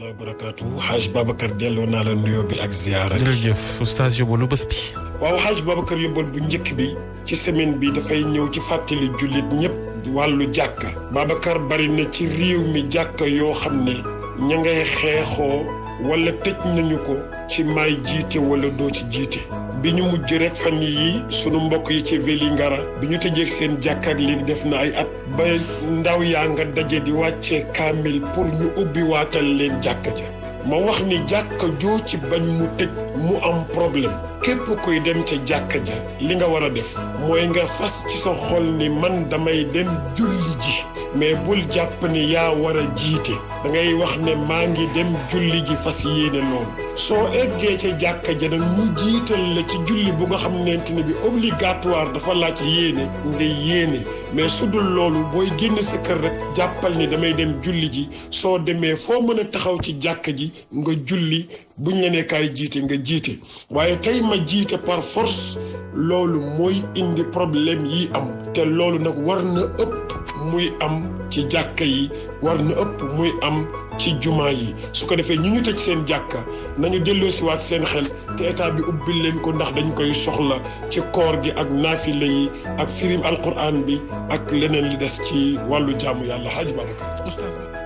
rahmatullahi wa barakaatu xaaj Babacar delloo naa la nuyoo bi ak ziyaara jërëjëf oustaz yóbbalu bés bi waaw xaaj Babacar yóbbal bu njëkk bi ci semaine bi dafay ñëw ci fàttali jullit ñëpp wàllu jàkka Babacar bari na ci réew mi jàkka yoo xam ne ña ngay xeexoo wala tëj nañu ko ci may jiite wala doo ci jiite bi ñu mujj rek fan yi sunu mbokk yi ci Vélingara bi ñu tëjeeg seen jàkk ak def na ay at ba ndaw yaa nga daje di wàccee kaamil pour ñu ubbi waatal leen jàkk ja ma wax ni jàkk joo ci bañ mu tëj mu am problème képp koy dem ca jàkk ja li nga war a def mooy nga fas ci sa xol ni man damay dem julli ji mais bul jàpp ni yaa war a jiite da ngay wax ne maa ngi dem julli ji fas yéene loolu soo eggee ca jàkka ja na ñu jiital la ci julli bu nga xamante ne bi obligatoire dafa laaj yéene nga yéene mais su dul loolu booy génn sa kër rek jàppal ni damay dem julli ji soo demee foo mën a taxaw ci jàkka ji nga julli buñ la jiite nga jiite waaye tey ma jiite par force loolu mooy indi problème yi am te loolu nag war na ëpp muy am ci jàkka yi war na ëpp muy am ci jumaa yi su ko defee ñu ñu tëj seen jàkka nañu delloo siwaat seen xel te état bi ubbi leen ko ndax dañu koy soxla ci koor gi ak naafile yi ak firim alquran bi ak leneen li des ci wàllu jàmm yàlla xaaj baraka